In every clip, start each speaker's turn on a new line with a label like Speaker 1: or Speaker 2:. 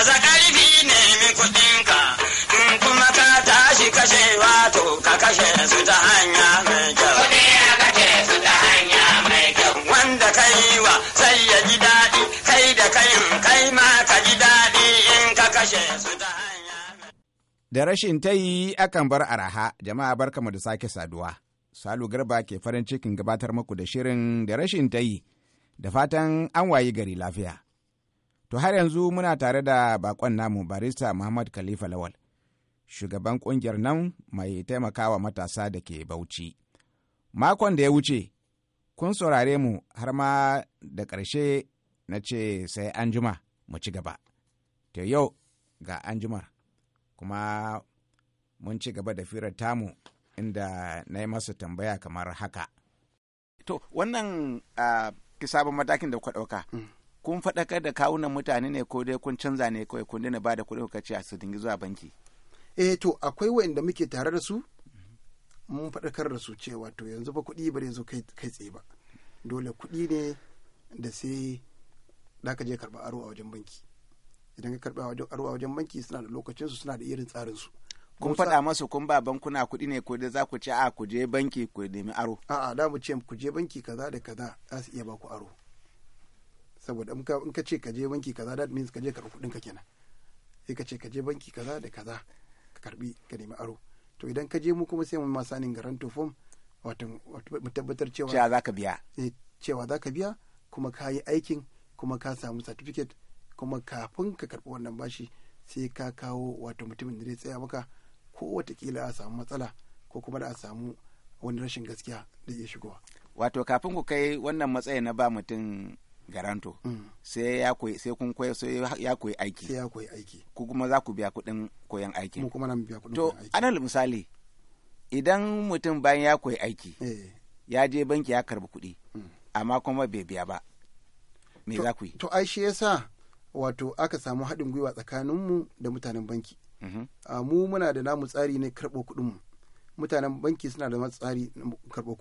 Speaker 1: Baza ƙarfi ne min kuɗinka, in kuma ka tashi kashe wato ka kashe su ta hanya mai kyau. Kuɗi ya kashe su ta hanya mai kyau. Wanda ka yi wa sai ya ji daɗi, kai da kayin kai ma ka ji
Speaker 2: daɗi in ka kashe su ta hanya
Speaker 1: mai Da rashin ta yi akan bar araha, jama'a barkamu da sake saduwa. Salu Garba ke farin cikin gabatar muku da shirin da rashin ta yi, da fatan an wayi gari lafiya. To har yanzu muna tare da bakon namu barista Muhammad Khalifa Lawal, shugaban kungiyar nan mai taimakawa matasa da ke Bauchi. Makon da ya wuce, kun saurare mu har ma da karshe na ce sai an juma mu ci gaba. To yau ga an jumar, kuma mun ci gaba da firar tamu inda na yi masa tambaya kamar haka. To, wannan uh, sabon matakin da kuka ɗauka. Mm. kun faɗakar da kawunan mutane ne ko dai kun canza ne kawai kun dina ba da kuɗin ko ce a su dingi zuwa banki
Speaker 2: eh to akwai inda muke tare da su mun faɗakar da su cewa to yanzu ba kuɗi ba zai zo kai tsaye ba dole kuɗi ne da sai da ka je karɓa aro a wajen banki idan ka karɓa aro a wajen banki suna da lokacinsu suna da irin tsarinsu kun faɗa masu kun ba bankuna
Speaker 1: kuɗi ne ko dai za ku ce a ku je banki ku nemi aro
Speaker 2: a'a da mu ce ku je banki kaza da kaza za su iya ba ku aro saboda in ka ce ka je banki kaza that means ka je karɓi kuɗin ka kenan sai ka ce ka je banki kaza da kaza ka karɓi ka nemi aro to idan ka je mu kuma sai mu ma sanin garanto form wato mu tabbatar cewa cewa zaka biya eh, cewa zaka biya kuma ka yi aikin kuma ka samu certificate kuma kafin ka karɓi wannan bashi sai ka kawo wato mutumin da zai tsaya maka ko watakila a samu matsala ko kuma da a samu wani rashin gaskiya da iya shigowa.
Speaker 1: Wato kafin ku kai wannan matsayi na ba mutum garanto mm. sai ya koyi sai kun koyi sai ya koyi aiki sai ya koyi aiki ku kuma za ku biya kuɗin koyan aiki mu kuma nan biya kuɗin to anan misali idan mutum bayan ya koyi aiki eh. ya je banki ya karbi kuɗi
Speaker 2: mm. amma kuma bai biya ba me za ku yi to ai shi yasa wato aka samu haɗin gwiwa tsakanin mu da mutanen banki mm-hmm. mu muna da namu tsari ne karɓo mu mutanen banki suna da tsari karɓo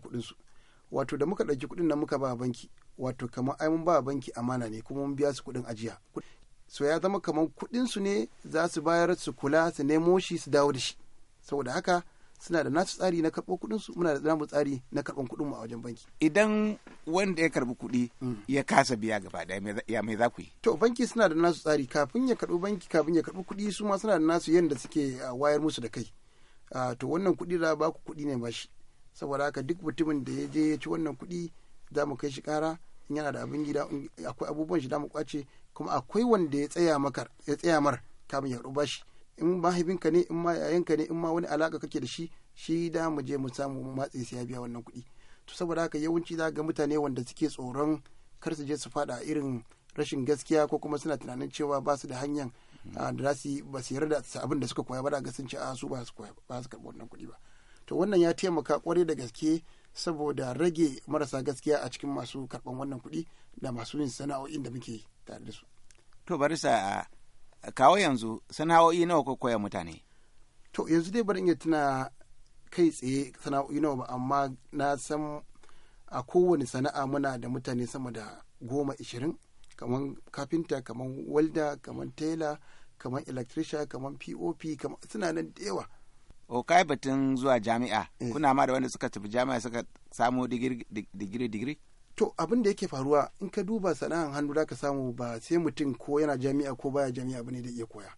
Speaker 2: kuɗin su wato da muka ɗauki kuɗin nan muka ba banki wato kamar ai mun ba banki amana ne kuma mun biya su kuɗin ajiya so ya zama kamar kuɗin su ne za su bayar su kula su nemo shi su dawo da shi saboda haka suna da nasu tsari na karɓo kuɗin su muna da namu tsari na karɓan kuɗin mu a wajen banki
Speaker 1: idan wanda ya karɓi kuɗi mm. ya kasa biya gaba ɗaya ya mai za ku yi
Speaker 2: to banki suna da nasu tsari kafin ya karɓi banki kafin ya karɓi kuɗi su ma suna da nasu yadda suke wayar musu da kai to wannan kuɗi za ba ku kuɗi ne ba shi saboda haka duk mutumin da ya je ya ci wannan kuɗi za mu kai shi kara in yana da abin gida akwai abubuwan shi da mu kwace kuma akwai wanda ya tsaya maka ya tsaya mar kamin ya ruba shi in mahaifinka ne in ma yayanka ne in ma wani alaka kake da shi shi da mu je mu samu mu matse sai ya biya wannan kuɗi to saboda haka yawanci za ga mutane wanda suke tsoron kar su je su fada irin rashin gaskiya ko kuma suna tunanin cewa ba su da hanyar ah, da za su ba su yarda da abin da suka koya ba da ga sun ci a ah, su ba su koya ba su karɓi wannan kuɗi ba to wannan ya taimaka kwarai da gaske saboda rage marasa gaskiya a cikin masu karɓan wannan kuɗi da masu yin sana'o'in da muke tare da su. To bari
Speaker 1: sa kawo yanzu sana'o'i nawa ko koya mutane?
Speaker 2: To yanzu dai bari iya tuna kai tsaye sana'o'i nawa ba amma na san a kowane sana'a muna da mutane sama da goma ishirin kamar kafinta kamar walda kamar tela kamar electrician kamar pop kamar suna nan da yawa.
Speaker 1: o kai batun zuwa jami'a eh. kuna ma da wanda suka tafi jami'a suka samu digiri digiri
Speaker 2: to abin da yake faruwa in ka duba sana'an hannu da ka samu ba sai mutum ko yana jami'a ko baya jami'a bane da iya koya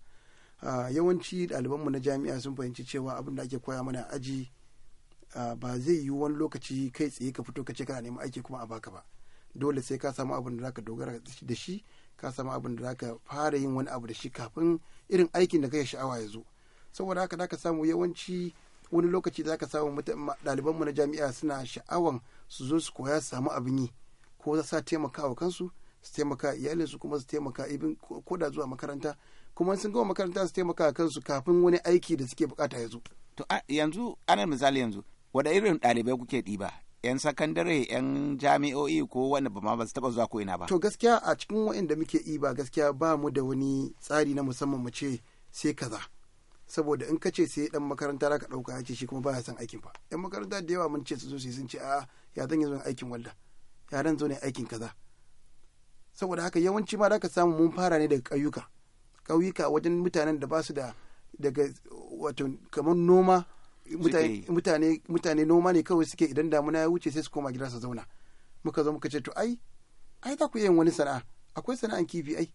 Speaker 2: ah, yawanci mu na jami'a sun fahimci cewa abin da ake koya mana aji ah, ba zai yi wani lokaci kai tsaye ka fito ka ce kana neman aiki kuma a baka ba dole sai ka samu abin da zaka dogara da shi ka samu abin da zaka fara yin wani abu da shi kafin irin aikin da kake sha'awa ya zo saboda haka ka samu yawanci wani lokaci zaka samu ɗaliban na jami'a suna sha'awan su zo su koya su samu abin yi ko za sa taimakawa kansu su taimaka iyalinsu kuma su taimaka ibin koda zuwa makaranta kuma sun gama makaranta su taimaka kansu kafin wani aiki da suke bukata ya zo.
Speaker 1: To yanzu anan misali yanzu wada irin ɗalibai kuke ɗiba yan sakandare yan jami'o'i ko wanda ba ma ba su taba zuwa ko ina ba. To
Speaker 2: gaskiya a cikin waɗanda muke ɗiba gaskiya ba mu da wani tsari na musamman mu ce sai kaza. saboda in kace sai dan makaranta zaka dauka ya ce shi kuma baya son aikin fa yan makaranta da yawa mun ce su zo su sun ce a ya zan yi zo aikin walda ya dan zo ne aikin kaza saboda haka yawanci ma zaka samu mun fara ne daga ƙauyuka ƙauyuka wajen mutanen da ba su da daga wato kamar noma mutane mutane noma ne kawai suke idan damuna ya wuce sai su koma gida su zauna muka zo muka ce to ai ai za ku yin wani sana'a akwai sana'an kifi ai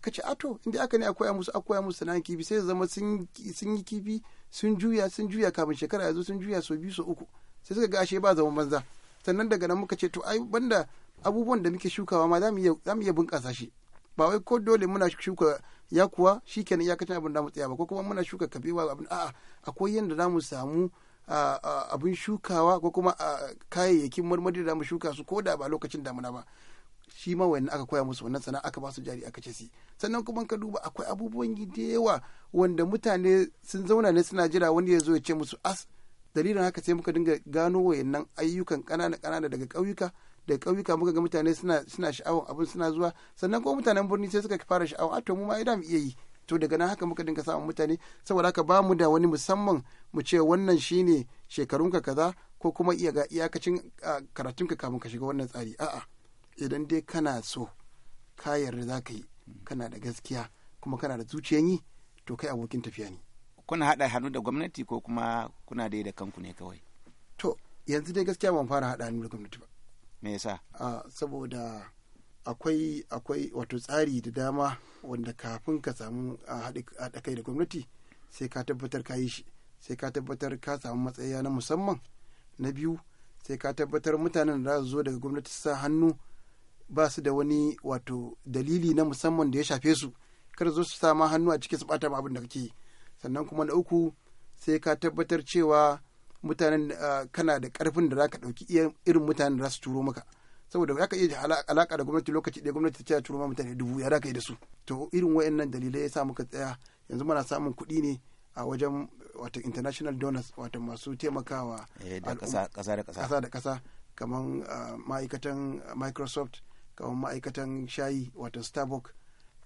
Speaker 2: suka ce ato ah, inda aka ne akwai musu akwai musu sana'an kifi sai zama sun yi kifi sun juya sun juya kafin shekara ya sun juya so biyu so uku sai suka ga ashe ba zaman banza sannan daga nan muka ce to ai banda abubuwan da muke shukawa ma za mu iya bunƙasa shi ba wai ko dole muna shuka ya kuwa shi kenan iyakacin abin da mu tsaya ba ko kuma muna shuka kabewa abin a'a akwai yadda za mu samu abin shukawa ko kuma kayayyakin marmari da mu shuka su ko da ba lokacin damuna ba shi ma wani aka koya musu wannan sana'a aka ba su jari aka si sannan kuma ka duba akwai abubuwan da yawa wanda mutane sun zauna ne suna jira wani ya zo ya ce musu as dalilin haka sai muka dinga gano wayannan ayyukan ƙanana ƙanana daga ƙauyuka da ƙauyuka muka ga mutane suna suna sha'awan abin suna zuwa sannan kuma mutanen birni sai suka fara sha'awan a to mu ma idan mu iya yi to daga nan haka muka dinga samun mutane saboda haka ba mu da wani musamman mu ce wannan shine shekarunka kaza ko kuma iya ga iyakacin karatunka kafin ka shiga wannan tsari a'a idan dai kana so ka yarda za ka yi kana da gaskiya kuma kana da zuciyan yi to kai abokin tafiya ne
Speaker 1: kuna haɗa hannu da gwamnati ko kuma kuna dai da kanku ne kawai
Speaker 2: to yanzu dai gaskiya ban fara haɗa hannu da gwamnati ba me yasa uh, saboda akwai akwai wato tsari da dama wanda kafin ka samu haɗa kai da gwamnati sai ka tabbatar ka yi shi sai ka tabbatar ka samu matsaya na musamman na biyu sai ka tabbatar mutanen da za su zo daga gwamnati sa hannu ba su da wani wato dalili na musamman da ya shafe su kar zo su sama hannu a cikin su bata ma abin da kake sannan kuma na uku sai ka tabbatar cewa mutanen ah, kana da karfin da zaka dauki irin mutanen da za su turo maka saboda ka iya alaka da gwamnati lokaci ɗaya gwamnati ta turo ma mutane dubu ya zaka yi da su to irin wayannan dalilai ya sa muka tsaya yanzu muna samun kuɗi ne a wajen wato international donors wato masu taimakawa
Speaker 1: Kasa eh,
Speaker 2: da kasa kamar ah, ma'aikatan microsoft kamar ma'aikatan shayi wato starbuck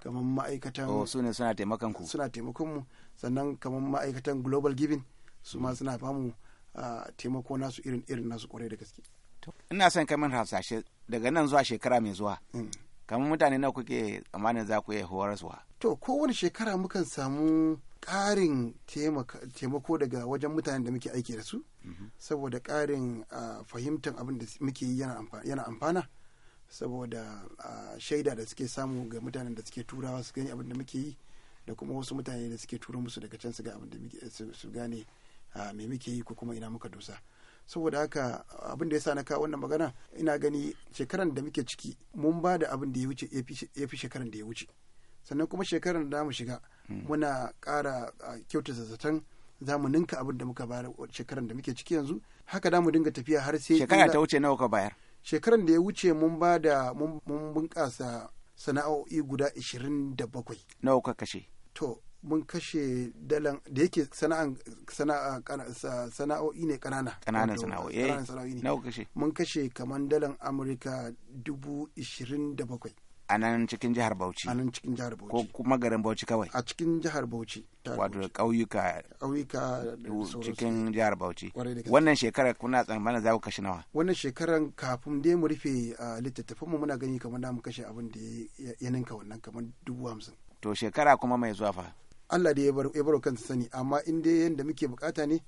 Speaker 2: kamar ma'aikatan oh, su ne suna taimakon ku suna taimakon mu sannan kamar ma'aikatan global giving su ma suna bamu taimako nasu irin irin nasu kwarai da gaske ina son
Speaker 1: kamar hasashe daga nan zuwa shekara mai zuwa mm. kamar mutane nawa kuke tsammanin za ku iya horaswa
Speaker 2: to kowane shekara mukan samu ƙarin taimako daga wajen mutanen da muke aiki da su mm-hmm. saboda ƙarin fahimtar abin da muke yi yana amfana saboda shaida da suke samu ga mutanen da suke turawa su gani abin da muke yi da kuma wasu mutane da suke turo musu daga can su ga abin da su gane me muke yi ko kuma ina muka dosa saboda haka abin da ya sa na kawo wannan magana ina gani shekaran da muke ciki mun ba da abin da ya wuce ya fi shekaran da ya wuce sannan kuma shekaran da mu shiga hmm. muna kara kyauta zazzatan za mu ninka abin da muka bayar shekaran da muke ciki yanzu haka da mu dinga tafiya har sai shekara ta wuce nawa ka bayar shekaran da ya wuce mun ba da mun bunƙasa sana'o'i guda 27
Speaker 1: nawa ka kashe
Speaker 2: to mun kashe dalan da yake sana'an sana'o'i ne kanana kananan eh, sana'o'i ne nawa kashe mun kashe kaman dalan amurka dubu ishirin da bakwai
Speaker 1: a nan cikin jihar bauchi a nan cikin jihar bauchi ko kuma garin bauchi kawai a cikin jihar bauchi wato ƙauyuka
Speaker 2: ƙauyuka cikin
Speaker 1: jihar bauchi wannan shekara kuna tsammanin za ku kashe nawa
Speaker 2: wannan shekaran kafin dai mu rufe littattafan mu muna gani kamar mu kashe abin da ya ninka wannan kamar dubu hamsin
Speaker 1: to shekara kuma mai zuwa fa
Speaker 2: Allah da ya baro kansa sani amma in dai yanda muke bukata ne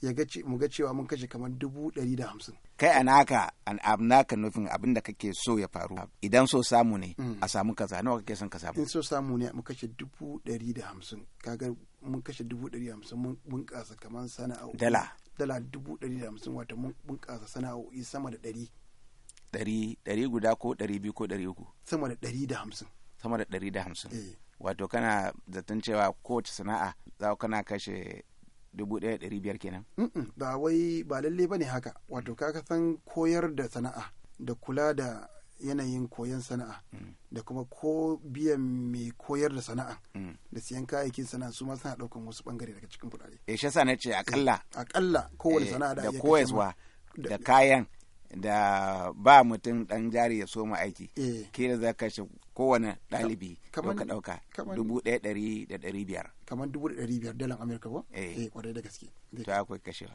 Speaker 2: ya ga mu ga cewa mun kashe kamar dubu ɗari da hamsin.
Speaker 1: kai a naka a naka nufin abin da kake so ya faru idan so samu ne mm. a samu kaza nawa kake son ka samu
Speaker 2: in so samu ne mu kashe dubu ɗari da hamsin kaga mun kashe dubu ɗari hamsin mun bunƙasa kamar sana'a'o'i dala dala dubu ɗari da hamsin wato mun bunƙasa sana'o'i sama da ɗari
Speaker 1: ɗari ɗari guda ko ɗari biyu ko ɗari uku sama da ɗari da hamsin sama da ɗari da hamsin eh. wato kana zaton cewa kowace sana'a za kana kashe dubu ɗaya ɗari biyar kenan.
Speaker 2: ba wai ba lalle ba ne haka wato ka san koyar da sana'a da kula da yanayin koyan sana'a mm. da kuma ko biyan mai koyar da sana'a mm. da siyan kayayyakin sana'a su ma suna ɗaukan wasu ɓangare daga cikin kuɗaɗe.
Speaker 1: e shi na ce akalla eh,
Speaker 2: akalla kowane eh, sana'a da koyaswa
Speaker 1: da kayan da ba mutum ɗan jari ya so mu aiki da za ka kowane ɗalibi kamar ka ɗauka dubu ɗaya ɗari da ɗari biyar
Speaker 2: kamar dubu da ɗari biyar dalan amurka ko eh kwarai eh, da gaske
Speaker 1: to akwai kashewa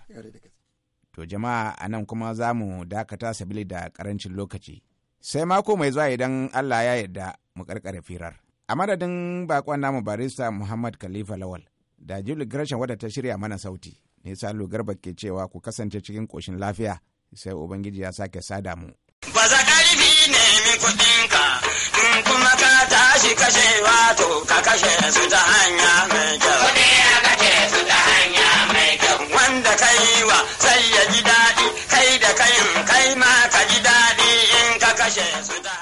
Speaker 1: to jama'a a nan kuma za mu dakata sabili da karancin lokaci sai mako mai zuwa idan allah ya yarda mu karkare firar a madadin bakon namu barista muhammad khalifa lawal da juli gresham wadda ta shirya mana sauti ne salo garba ke cewa ku kasance cikin koshin lafiya sai ubangiji ya sake sada mu. Baza ƙarfi ne min kuɗinka. in kuma ka tashi kashe wato ka kashe su ta hanya mai kyau. mai
Speaker 2: kyau. Wanda ka yi wa sai ya ji daɗi, kai da kayin kai ma ka ji daɗi in ka kashe su ta